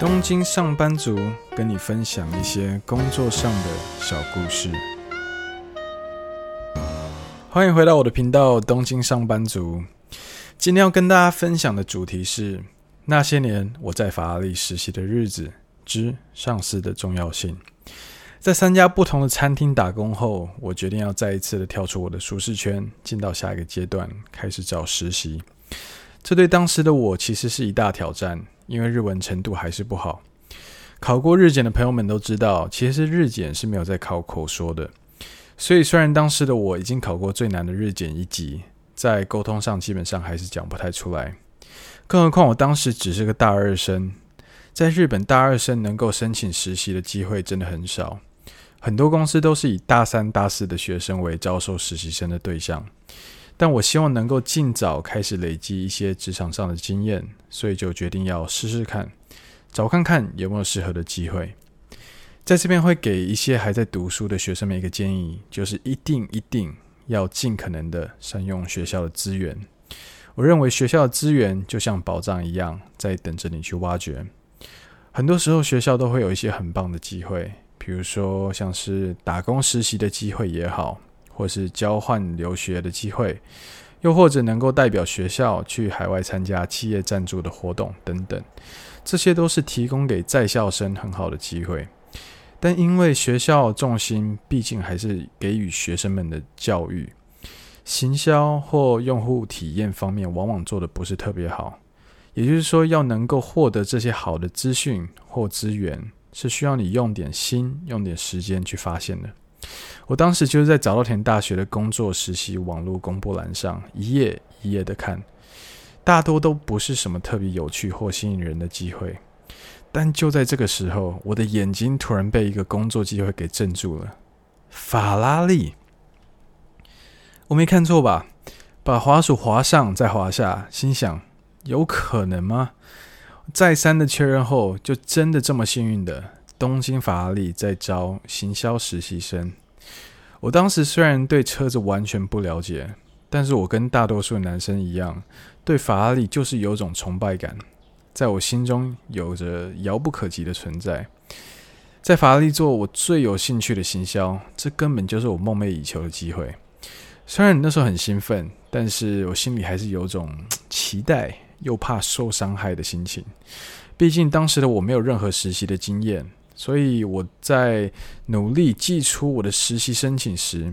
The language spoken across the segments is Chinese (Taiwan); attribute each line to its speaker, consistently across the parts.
Speaker 1: 東京上班族跟你分享一些工作上的小故事。歡迎回到我的頻道《東京上班族》。今天要跟大家分享的主題是：那些年我在法拉利實習的日子之上司的重要性。在三家不同的餐廳打工後，我決定要再一次的跳出我的舒適圈，進到下一個階段，開始找實習。這對當時的我其實是一大挑戰。因為日文程度還是不好，考過日檢的朋友們都知道，其實日檢是沒有在考口說的。所以雖然當時的我已經考過最難的日檢一級，在溝通上基本上還是講不太出來。更何況我當時只是個大二生，在日本大二生能夠申請實習的機會真的很少，很多公司都是以大三、大四的學生為招收實習生的對象。但我希望能夠儘早開始累積一些職場上的經驗，所以就決定要試試看，找看看有沒有適合的機會。在這邊會給一些還在讀書的學生們一個建議，就是一定一定要儘可能的善用學校的資源。我認為學校的資源就像寶藏一樣，在等着你去挖掘。很多時候學校都會有一些很棒的機會，比如說像是打工實習的機會也好。或是交換留學的機會，又或者能夠代表學校去海外參加企業贊助的活動等等，這些都是提供給在校生很好的機會。但因為學校重心畢竟還是給予學生們的教育，行銷或用戶體驗方面往往做的不是特別好。也就是說，要能夠獲得這些好的資訊或資源，是需要你用點心、用點時間去發現的。我當時就是在早稻田大學的工作實習網絡公布欄上一頁一頁的看，大多都不是什麼特別有趣或吸引人的機會，但就在這個時候，我的眼睛突然被一個工作機會給震住了——法拉利。我沒看錯吧？把滑鼠滑上再滑下，心想：有可能嗎？再三的確認後，就真的這麼幸運的，東京法拉利在招行銷實習生。我當時雖然對車子完全不了解，但是我跟大多數男生一樣，對法拉利就是有種崇拜感，在我心中有着遙不可及的存在。在法拉利做我最有興趣的行銷，這根本就是我夢寐以求的機會。雖然那時候很興奮，但是我心裡還是有種期待又怕受傷害的心情。畢竟當時的我沒有任何實習的經驗。所以我在努力寄出我的實習申請時，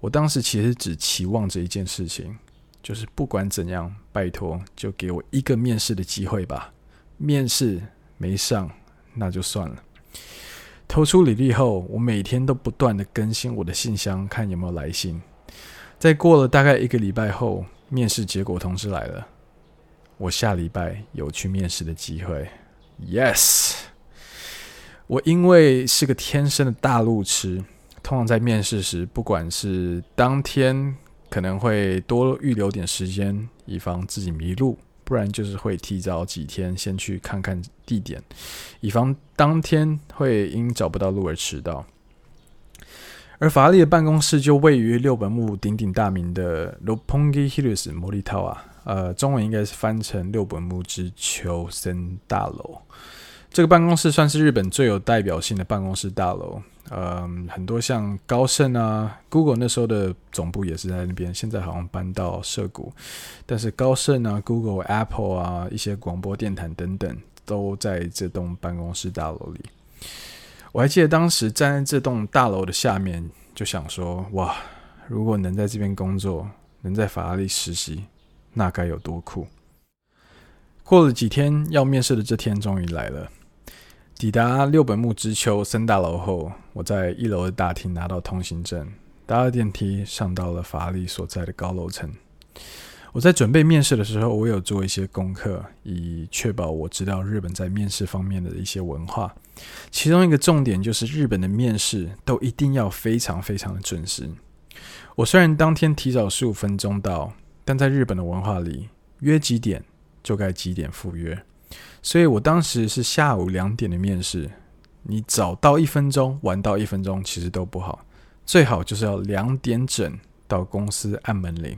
Speaker 1: 我當時其實只期望着一件事情，就是不管怎樣，拜託就給我一個面試的機會吧。面試沒上，那就算了。投出履歷後，我每天都不斷的更新我的信箱，看有沒有來信。在過了大概一個禮拜後，面試結果通知來了，我下禮拜有去面試的機會。Yes。我因為是個天生的大路痴，通常在面試時，不管是當天可能會多預留點時間，以防自己迷路；不然就是會提早幾天先去看看地點，以防當天會因找不到路而遲到。而法拉利的辦公室就位於六本木鼎鼎大名的 Roppongi Hills Mori Tower 啊，呃，中文應該是翻成六本木之丘森大樓。這個辦公室算是日本最有代表性的辦公室大樓。嗯、呃，很多像高盛啊、Google 那時候的總部也是在那邊，現在好像搬到澀谷。但是高盛啊、Google、Apple 啊，一些廣播電臺等等，都在這棟辦公室大樓裡。我還記得當時站在這棟大樓的下面，就想說：哇，如果能在這邊工作，能在法拉利實習，那該有多酷！過了幾天，要面試的這天終於來了。抵達六本木之丘森大樓後，我在一樓的大廳拿到通行證，搭了電梯上到了法拉利所在的高樓層。我在準備面試的時候，我有做一些功課，以確保我知道日本在面試方面的一些文化。其中一個重點就是，日本的面試都一定要非常非常的準時。我雖然當天提早十五分鐘到，但在日本的文化裡，約幾點就該幾點赴約。所以我當時是下午兩點的面試，你早到一分鐘，晚到一分鐘，其實都不好，最好就是要兩點整到公司按門鈴。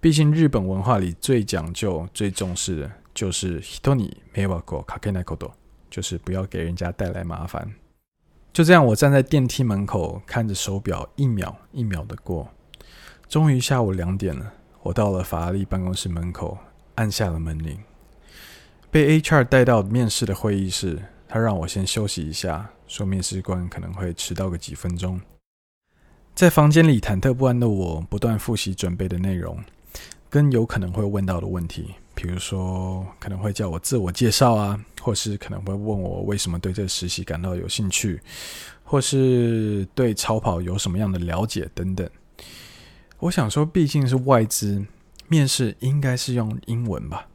Speaker 1: 畢竟日本文化裡最講究、最重視的就是「人に迷惑をかけないこと」，就是不要給人家帶來麻煩。就這樣，我站在電梯門口，看着手錶，一秒一秒的過，終於下午兩點了，我到了法拉利辦公室門口，按下了門鈴。被 HR 帶到面試的會議室，他讓我先休息一下，說面試官可能會遲到個幾分鐘。在房間裡忐忑不安的我，不斷複習準備的內容，跟有可能會問到的問題，比如說可能會叫我自我介紹啊，或是可能會問我為什麼對這個實習感到有興趣，或是對超跑有什麼樣的了解等等。我想說，畢竟是外資，面試應該是用英文吧。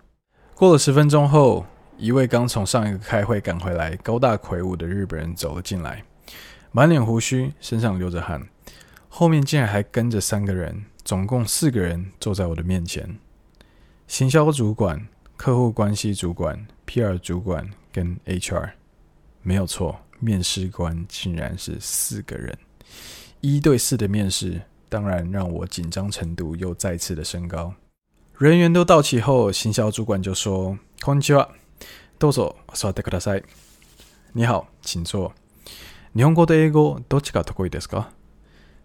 Speaker 1: 過了十分鐘後，一位剛從上一個開會趕回來、高大魁梧的日本人走了進來，滿臉鬍鬚，身上流着汗，後面竟然還跟着三個人，總共四個人坐在我的面前。行銷主管、客戶關係主管、PR 主管跟 HR。沒有錯，面試官竟然是四個人。一對四的面試，當然讓我緊張程度又再次的升高。人員都到齊後，行銷主管就說：“こんにちは，どうぞ、座ってください。你好，請坐。日本語と英語どちらが得意ですか？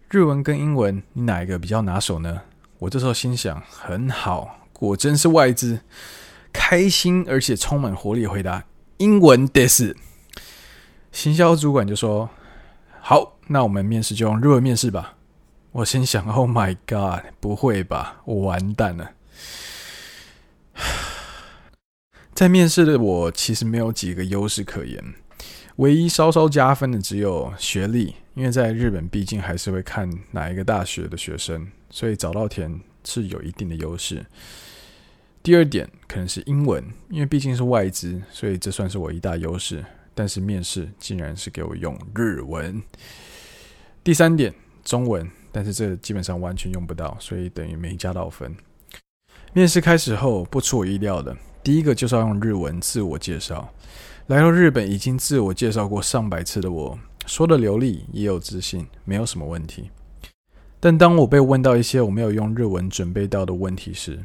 Speaker 1: 日文跟英文，你哪一個比較拿手呢？”我這時候心想：“很好，果真是外資，開心而且充滿活力。”回答：“英文です。”行銷主管就說：“好，那我們面試就用日文面試吧。”我心想：“Oh my god！不會吧？我完蛋了。”在面試的我其實沒有幾個優勢可言，唯一稍稍加分的只有學歷，因為在日本畢竟還是會看哪一個大學的學生，所以早稻田是有一定的優勢。第二點可能是英文，因為畢竟是外資，所以這算是我一大優勢。但是面試竟然是給我用日文。第三點中文，但是這基本上完全用不到，所以等於沒加到分。面試開始後，不出我意料的。第一個就是要用日文自我介紹。來到日本已經自我介紹過上百次的我，說的流利也有自信，沒有什麼問題。但當我被問到一些我沒有用日文準備到的問題時，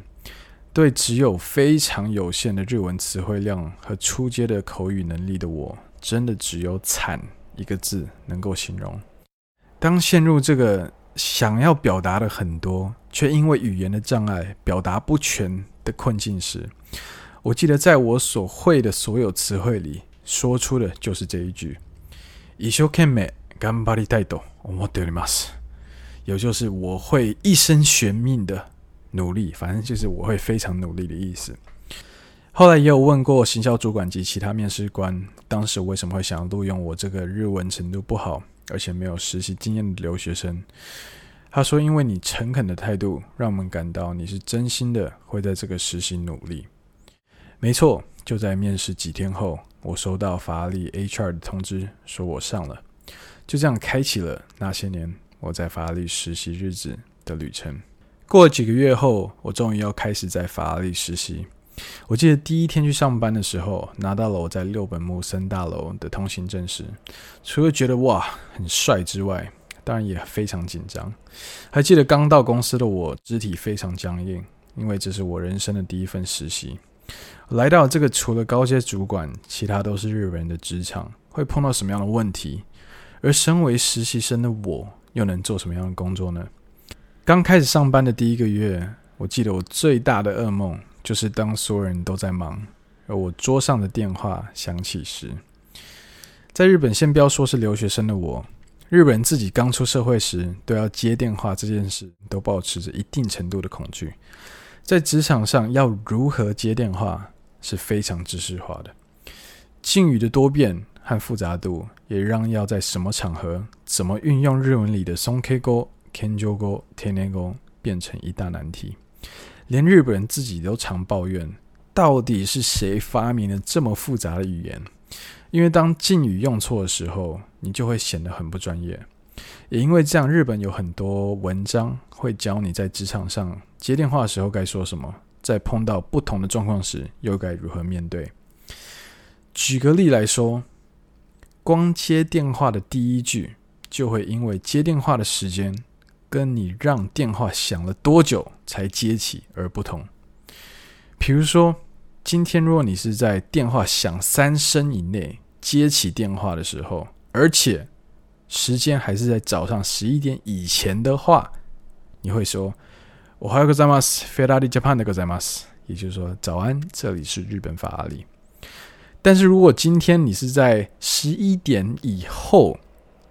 Speaker 1: 對只有非常有限的日文詞彙量和初階的口語能力的我，真的只有“慘”一個字能夠形容。當陷入這個想要表達的很多，卻因為語言的障礙表達不全的困境時，我記得在我所會的所有詞彙裡，說出的就是這一句：“以修肯美干巴利太多我莫得尼瑪斯。”有就是我會一生懸命的努力，反正就是我會非常努力的意思。後來也有問過行銷主管及其他面試官，當時為什麼會想要錄用我這個日文程度不好，而且沒有實習經驗的留學生？他說：“因為你誠懇的態度，讓我們感到你是真心的會在這個實習努力。”沒錯，就在面試幾天後，我收到法拉利 HR 的通知，說我上了。就這樣開啟了那些年我在法拉利實習日子的旅程。過了幾個月後，我終於要開始在法拉利實習。我記得第一天去上班的時候，拿到了我在六本木森大樓的通行證時，除了覺得哇很帥之外，當然也非常緊張。還記得剛到公司的我，肢體非常僵硬，因為這是我人生的第一份實習。來到這個除了高階主管，其他都是日本人的職場，會碰到什麼樣的問題？而身為實習生的我，又能做什麼樣的工作呢？剛開始上班的第一個月，我記得我最大的噩夢，就是當所有人都在忙，而我桌上的電話響起時，在日本先不要說是留學生的我，日本人自己剛出社會時，都要接電話這件事，都保持着一定程度的恐懼。在職場上要如何接電話是非常知識化的，敬語的多變和複雜度也讓要在什麼場合怎麼運用日文裡的尊敬語、謙讓語、丁寧語變成一大難題，連日本人自己都常抱怨，到底是誰發明了這麼複雜的語言？因為當敬語用錯的時候，你就會顯得很不專業。也因為這樣，日本有很多文章會教你在職場上接電話的時候該說什麼，在碰到不同的狀況時又該如何面對。舉個例來說，光接電話的第一句就會因為接電話的時間跟你讓電話響了多久才接起而不同。比如說，今天如果你是在電話響三聲以內接起電話的時候，而且時間還是在早上十一點以前的話，你會說“我好個在嗎？法拉利 Japan 的個在嗎？”也就是說，早安，這裡是日本法拉利。但是如果今天你是在十一點以後，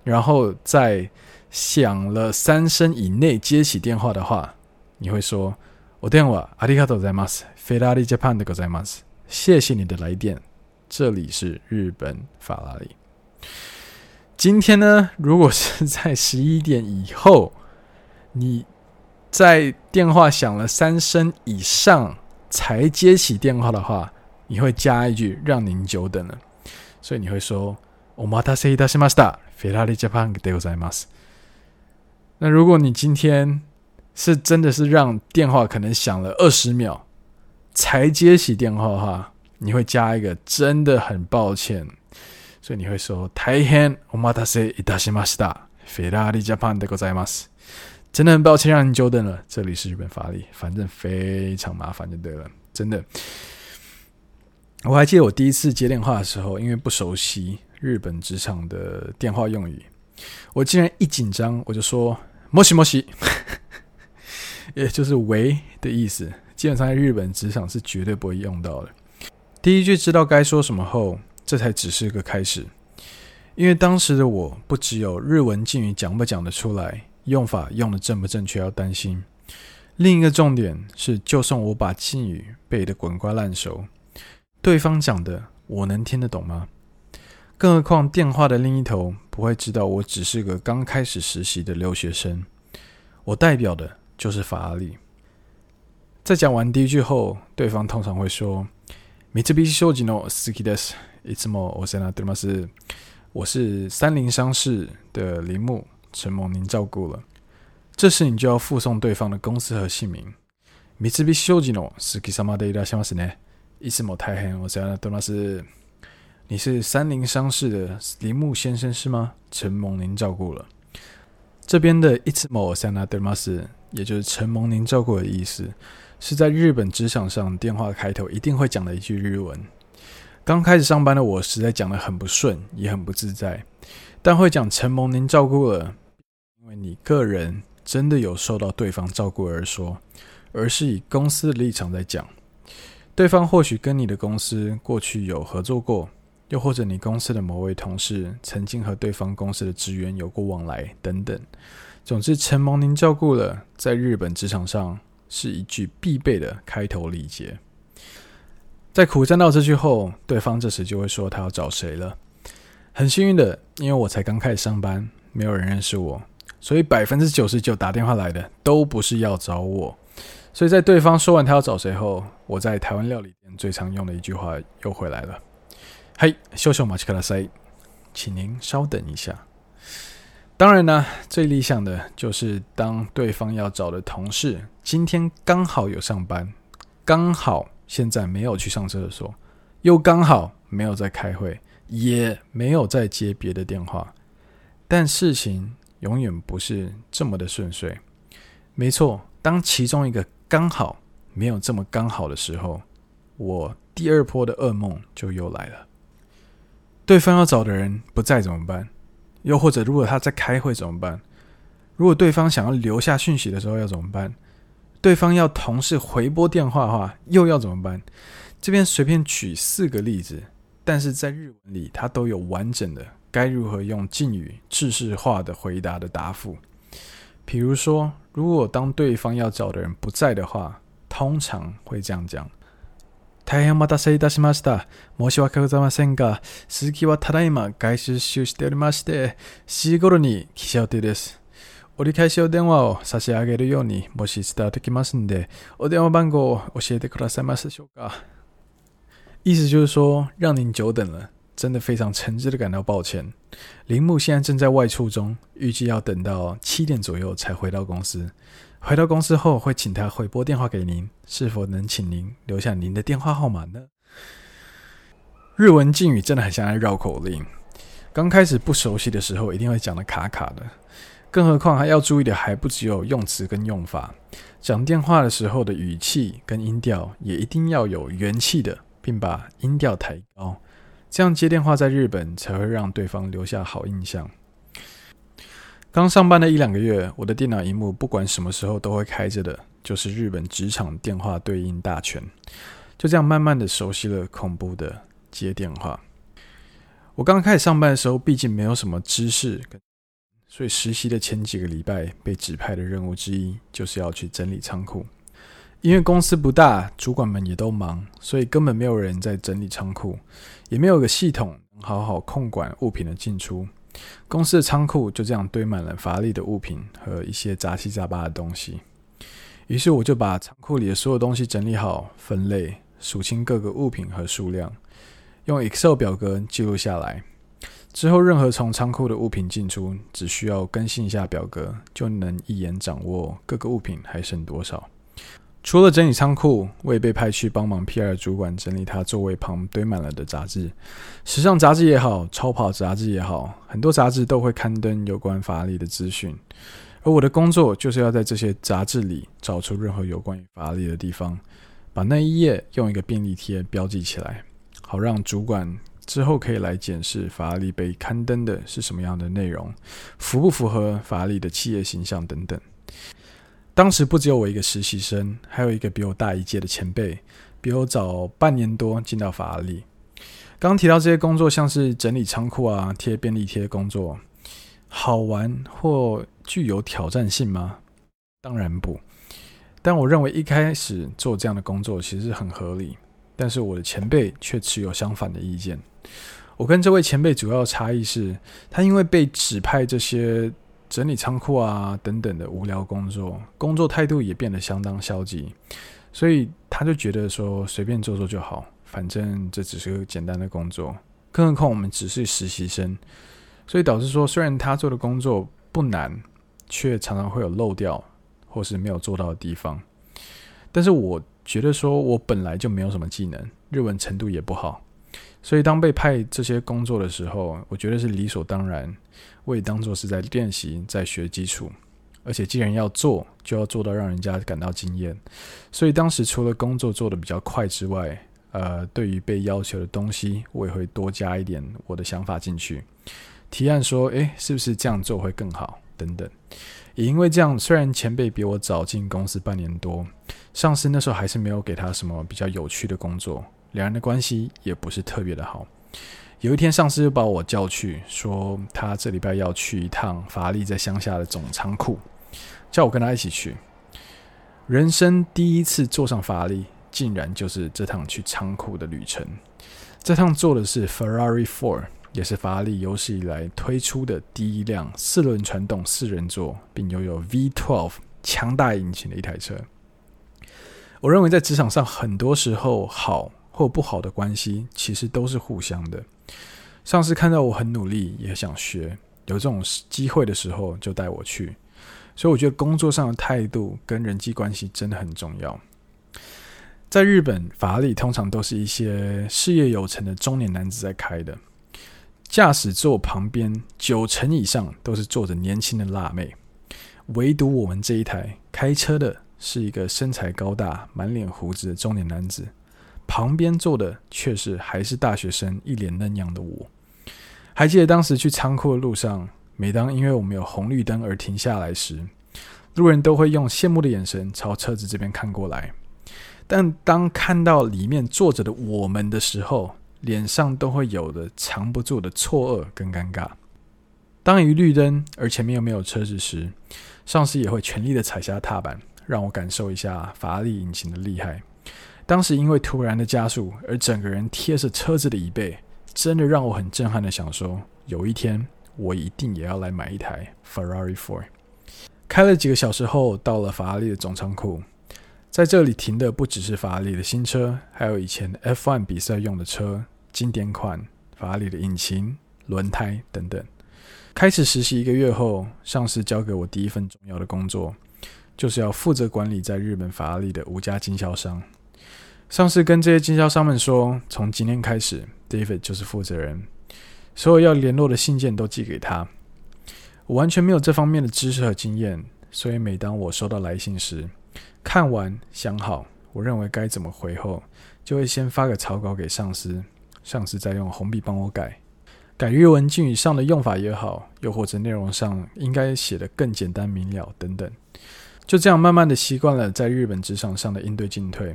Speaker 1: 然後在響了三聲以內接起電話的話，你會說“我電話阿里嘎多在嗎？法拉利 Japan 的個在嗎？謝謝你的來電，這裡是日本法拉利。”今天呢，如果是在十一點以後，你在電話響了三聲以上才接起電話的話，你會加一句“讓您久等了”。所以你會說：“お待たせいたしました、フェラーリジャパンでございます。”那如果你今天是真的是讓電話可能響了二十秒才接起電話的話，你會加一個“真的很抱歉”。所以你會說“大変お待たせいたしました。フェラーリジャパンでございます。”真的很抱歉讓你久等了。這裡是日本法拉利，反正非常麻煩就對了，真的。我還記得我第一次接電話的時候，因為不熟悉日本職場的電話用語，我竟然一緊張我就說 “moshi moshi” 也就是“喂”的意思，基本上在日本職場是絕對不會用到的。第一句知道該說什麼後。這才只是個開始，因為當時的我不只有日文敬語講不講得出來，用法用得正不正確要擔心。另一個重點是，就算我把敬語背得滾瓜爛熟，對方講的我能聽得懂嗎？更何況電話的另一頭不會知道我只是個剛開始實習的留學生，我代表的就是法拉利。在講完第一句後，對方通常會說：「Mitsubishi no...」いつもお世話になってます，我是三菱商事的鈴木，承蒙您照顧了。這時你就要附送對方的公司和姓名。三菱商事の鈴木様でいらっしゃいますね。いつも大変お世話になってます。你是三菱商事的鈴木先生是嗎？承蒙您照顧了。這邊的いつもお世話になってます，也就是承蒙您照顧的意思，是在日本職場上電話開頭一定會講的一句日文。剛開始上班的我，實在講得很不順，也很不自在。但會講“承蒙您照顧了”，因為你個人真的有受到對方照顧而說，而是以公司的立場在講。對方或許跟你的公司過去有合作過，又或者你公司的某位同事曾經和對方公司的職員有過往來等等。總之，“承蒙您照顧了”在日本職場上是一句必備的開頭禮節。在苦戰到這句後，對方這時就會說他要找誰了。很幸運的，因為我才剛開始上班，沒有人認識我，所以百分之九十九打電話來的都不是要找我。所以在對方說完他要找誰後，我在台灣料理店最常用的一句話又回來了：“嘿，秀秀馬奇可拉塞，請您稍等一下。”當然呢、啊，最理想的就是當對方要找的同事今天剛好有上班，剛好，現在沒有去上廁所，又剛好沒有在開會，也沒有在接別的電話，但事情永遠不是這麼的順遂。沒錯，當其中一個剛好沒有這麼剛好的時候，我第二波的噩夢就又來了。對方要找的人不在怎麼辦？又或者如果他在開會怎麼辦？如果對方想要留下訊息的時候要怎麼辦？對方要同事回撥電話的話，又要怎麼辦？這邊隨便舉四個例子，但是在日文裡，它都有完整的該如何用敬語、制式化的回答的答覆。比如說，如果當對方要找的人不在的話，通常會這樣講：大 我折返し電話を差し上げるように申し伝えときますので、お電話番號を教えてくださいますでしょうか。意思就是說：“讓您久等了，真的非常誠摯的感到抱歉。鈴木現在正在外出中，預計要等到七點左右才回到公司。回到公司後會請他回撥電話給您。是否能請您留下您的電話號碼呢？”日文敬語真的很像繞口令，剛開始不熟悉的時候，一定會講的卡卡的。更何況還要注意的還不只有用詞跟用法，講電話的時候的語氣跟音調也一定要有元氣的，並把音調抬高，這樣接電話在日本才會讓對方留下好印象。剛上班的一兩個月，我的電腦熒幕不管什麼時候都會開着的，就是日本職場電話對應大全，就這樣慢慢的熟悉了恐怖的接電話。我剛開始上班的時候，畢竟沒有什麼知識。所以實習的前幾個禮拜，被指派的任務之一就是要去整理倉庫。因為公司不大，主管們也都忙，所以根本沒有人在整理倉庫，也沒有個系統好好控管物品的進出。公司的倉庫就這樣堆滿了法拉利的物品和一些雜七雜八的東西。於是我就把倉庫裡的所有東西整理好，分類、數清各個物品和數量，用 Excel 表格記錄下來。之後，任何從倉庫的物品進出，只需要更新一下表格，就能一眼掌握各個物品還剩多少。除了整理倉庫，我也被派去幫忙 PR 主管整理他座位旁堆滿了的雜誌。時尚雜誌也好，超跑雜誌也好，很多雜誌都會刊登有關法拉利的資訊。而我的工作就是要在這些雜誌裡找出任何有關於法拉利的地方，把那一頁用一個便利貼標記起來，好讓主管。之後可以來檢視法拉利被刊登的是什麼樣的內容，符不符合法拉利的企業形象等等。當時不只有我一個實習生，還有一個比我大一屆的前輩，比我早半年多進到法拉利。剛提到這些工作像是整理倉庫啊、貼便利貼工作，好玩或具有挑戰性嗎？當然不，但我認為一開始做這樣的工作其實很合理。但是我的前輩卻持有相反的意見。我跟這位前輩主要的差異是他，因為被指派這些整理倉庫啊等等的無聊工作，工作態度也變得相當消極，所以他就覺得說隨便做做就好，反正這只是個簡單的工作。更何況我們只是實習生，所以導致說雖然他做的工作不難，卻常常會有漏掉或是沒有做到的地方。但是我，覺得說我本來就沒有什麼技能，日文程度也不好，所以當被派這些工作的時候，我覺得是理所當然。我也當作是在練習，在學基礎。而且既然要做，就要做到讓人家感到驚豔。所以當時除了工作做得比較快之外，呃，對於被要求的東西，我也會多加一點我的想法進去。提案說，誒，是不是這樣做會更好？等等。也因為這樣，雖然前輩比我早進公司半年多，上司那時候還是沒有給他什麼比較有趣的工作，兩人的關係也不是特別的好。有一天，上司又把我叫去，說他這禮拜要去一趟法拉利在鄉下的總倉庫，叫我跟他一起去。人生第一次坐上法拉利，竟然就是這趟去倉庫的旅程。這趟坐的是 Ferrari Four。也是法拉利有史以來推出的第一輛四輪傳動四人座，並擁有 V12 強大引擎的一台車。我認為在職場上，很多時候好或不好的關係其實都是互相的。上司看到我很努力，也想學，有這種機會的時候就帶我去。所以我覺得工作上的態度跟人際關係真的很重要。在日本，法拉利通常都是一些事業有成的中年男子在開的。駕駛座旁邊九成以上都是坐着年輕的辣妹，唯獨我們這一台開車的是一個身材高大、滿臉鬍子的中年男子，旁邊坐的卻是還是大學生、一臉嫩樣的我。還記得當時去倉庫的路上，每當因為我們有紅綠燈而停下來時，路人都會用羨慕的眼神朝車子這邊看過來，但當看到裡面坐着的我們的時候。臉上都會有的藏不住的錯愕跟尷尬。當一綠燈而前面又沒有車子時，上司也會全力的踩下踏板，讓我感受一下法拉利引擎的厲害。當時因為突然的加速而整個人貼着車子的椅背，真的讓我很震撼的想說，有一天我一定也要來買一台 Ferrari 4。開了幾個小時後，到了法拉利的總倉庫，在這裡停的不只是法拉利的新車，還有以前 F1 比賽用的車。經典款法拉利的引擎、輪胎等等。開始實習一個月後，上司交給我第一份重要的工作，就是要負責管理在日本法拉利的五家經銷商。上司跟這些經銷商們說：“從今天開始，David 就是負責人，所有要聯絡的信件都寄給他。”我完全沒有這方面的知識和經驗，所以每當我收到來信時，看完想好我認為該怎麼回後，就會先發個草稿給上司。像是在用紅筆幫我改，改日文敬語上的用法也好，又或者內容上應該寫得更簡單明了等等。就這樣，慢慢的習慣了在日本職場上，上的應對進退。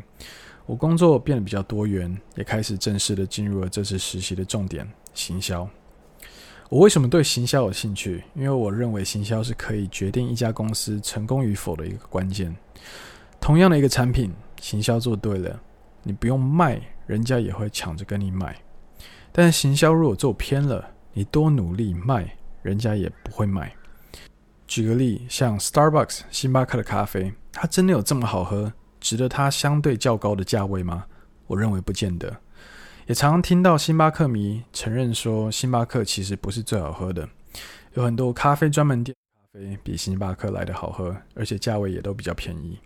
Speaker 1: 我工作變得比較多元，也開始正式的進入了這次實習的重點——行銷。我為什麼對行銷有興趣？因為我認為行銷是可以決定一家公司成功與否的一個關鍵。同樣的一個產品，行銷做對了，你不用賣。人家也會搶着跟你買，但行銷如果做偏了，你多努力賣，人家也不會買。舉個例，像 Starbucks 星巴克的咖啡，它真的有這麼好喝，值得它相對較高的價位嗎？我認為不見得。也常聽到星巴克迷承認說，星巴克其實不是最好喝的，有很多咖啡專門店的咖啡比星巴克來得好喝，而且價位也都比較便宜。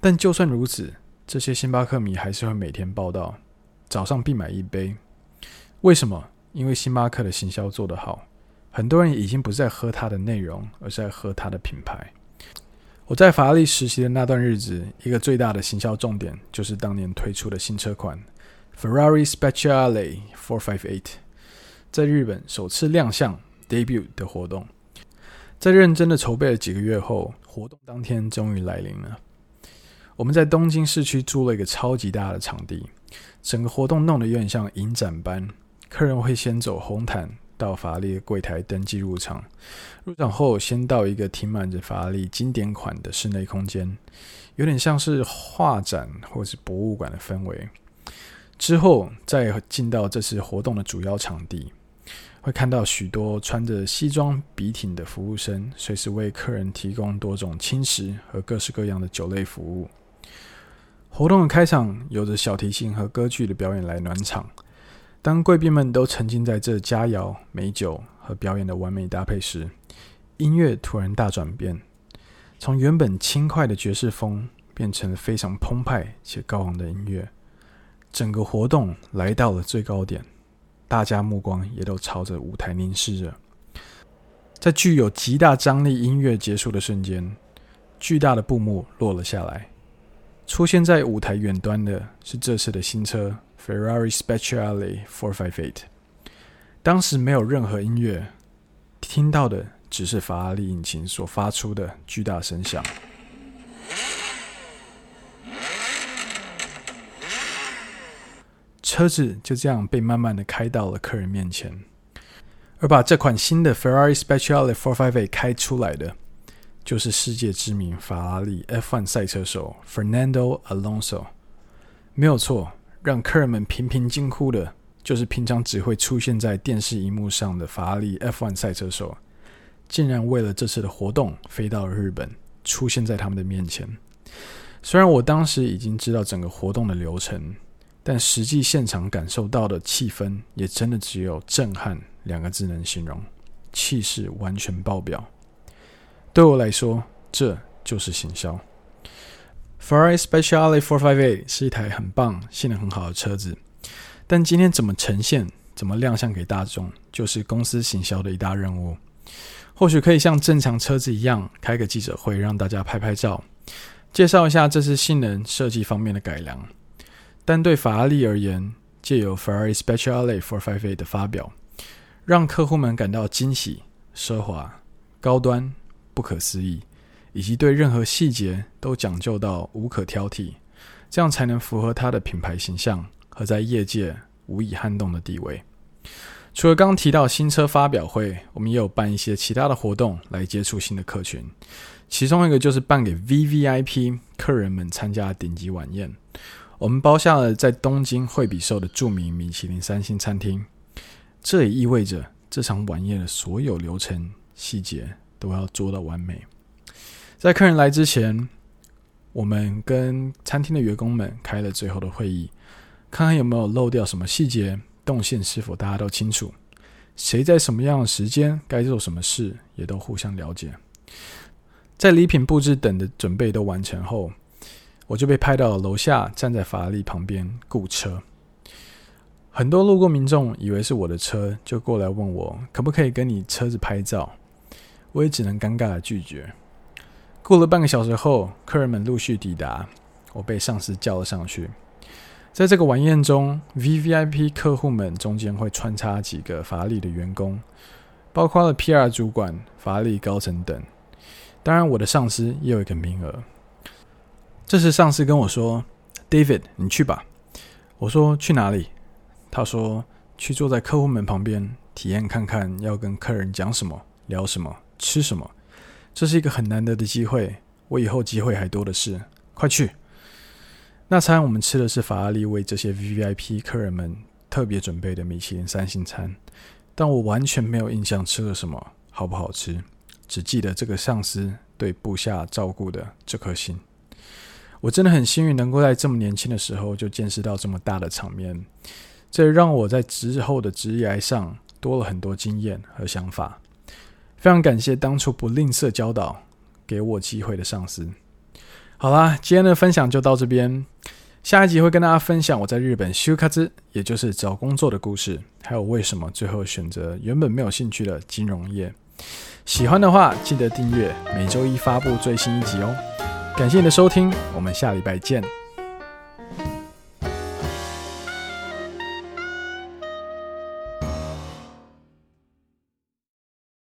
Speaker 1: 但就算如此，這些星巴克迷還是會每天報到。早上必買一杯，為什麼？因為星巴克的行銷做得好，很多人已經不再喝它的內容，而是在喝它的品牌。我在法拉利實習的那段日子，一個最大的行銷重點就是當年推出的新車款 Ferrari Speciale 458，在日本首次亮相 debut 的活動，在認真的籌備了幾個月後，活動當天終於來臨了。我們在東京市區租了一個超級大的場地。整個活動弄得有點像影展般，客人會先走紅毯到法拉利的櫃檯登記入場。入場後，先到一個停滿着法拉利經典款的室內空間，有點像是畫展或是博物館的氛圍。之後再進到這次活動的主要場地，會看到許多穿着西裝筆挺的服務生，隨時為客人提供多種輕食和各式各樣的酒類服務。活動的開場有着小提琴和歌劇的表演來暖場。當貴賓們都沉浸在這佳肴、美酒和表演的完美搭配時，音樂突然大轉變，從原本輕快的爵士風變成了非常澎湃且高昂的音樂。整個活動來到了最高點，大家目光也都朝着舞台凝視着。在具有極大張力音樂結束的瞬間，巨大的布幕落了下來。出現在舞台遠端的是這次的新車 Ferrari Speciale 458。當時沒有任何音樂，聽到的只是法拉利引擎所發出的巨大聲響。車子就這樣被慢慢的開到了客人面前，而把這款新的 Ferrari Speciale 458開出來的。就是世界知名法拉利 F1 賽車手 Fernando Alonso。沒有錯，讓客人們頻頻驚呼的，就是平常只會出現在電視熒幕上的法拉利 F1 賽車手，竟然為了這次的活動飛到了日本，出現在他們的面前。雖然我當時已經知道整個活動的流程，但實際現場感受到的氣氛，也真的只有震撼兩個字能形容，氣勢完全爆表。對我來說，這就是行銷。Ferrari Speciali 458是一台很棒、性能很好的車子，但今天怎麼呈現、怎麼亮相給大眾，就是公司行銷的一大任務。或許可以像正常車子一樣開個記者會，讓大家拍拍照，介紹一下這次性能、設計方面的改良。但對法拉利而言，借由 Ferrari Speciali 458的發表，讓客戶們感到驚喜、奢華、高端。不可思議，以及對任何細節都講究到無可挑剔，這樣才能符合它的品牌形象和在業界無以撼動的地位。除了剛剛提到新車發表會，我們也有辦一些其他的活動來接觸新的客群。其中一個就是辦給 VVIP 客人們參加的頂級晚宴，我們包下了在東京惠比壽的著名米其林三星餐廳。這也意味着這場晚宴的所有流程細節。都要做到完美。在客人來之前，我們跟餐廳的員工們開了最後的會議，看看有沒有漏掉什麼細節，動線是否大家都清楚，誰在什麼樣的時間該做什麼事，也都互相了解。在禮品布置等的準備都完成後，我就被派到了樓下，站在法拉利旁邊雇車。很多路過民眾以為是我的車，就過來問我可不可以跟你車子拍照？我也只能尷尬的拒絕。過了半個小時後，客人們陸續抵達，我被上司叫了上去。在這個晚宴中，VVIP 客戶們中間會穿插幾個法拉利的員工，包括了 PR 主管、法拉利高層等。當然，我的上司也有一個名額。這時，上司跟我說：“David，你去吧。”我說：“去哪裡？”他說：“去坐在客戶們旁邊，體驗看看要跟客人講什麼，聊什麼。”吃什麼？這是一個很難得的機會，我以後機會還多的是。快去！那餐我們吃的是法拉利為這些 VVIP 客人們特別準備的米其林三星餐，但我完全沒有印象吃了什麼，好不好吃？只記得這個上司對部下照顧的這顆心。我真的很幸運，能夠在這麼年輕的時候就見識到這麼大的場面，這讓我在之後的職業上多了很多經驗和想法。非常感謝當初不吝嗇教導、給我機會的上司。好啦，今天的分享就到這邊。下一集會跟大家分享我在日本就活，也就是找工作的故事，還有為什麼最後選擇原本沒有興趣的金融業。喜歡的話，記得訂閱，每周一發布最新一集哦。感謝你的收聽，我們下禮拜見。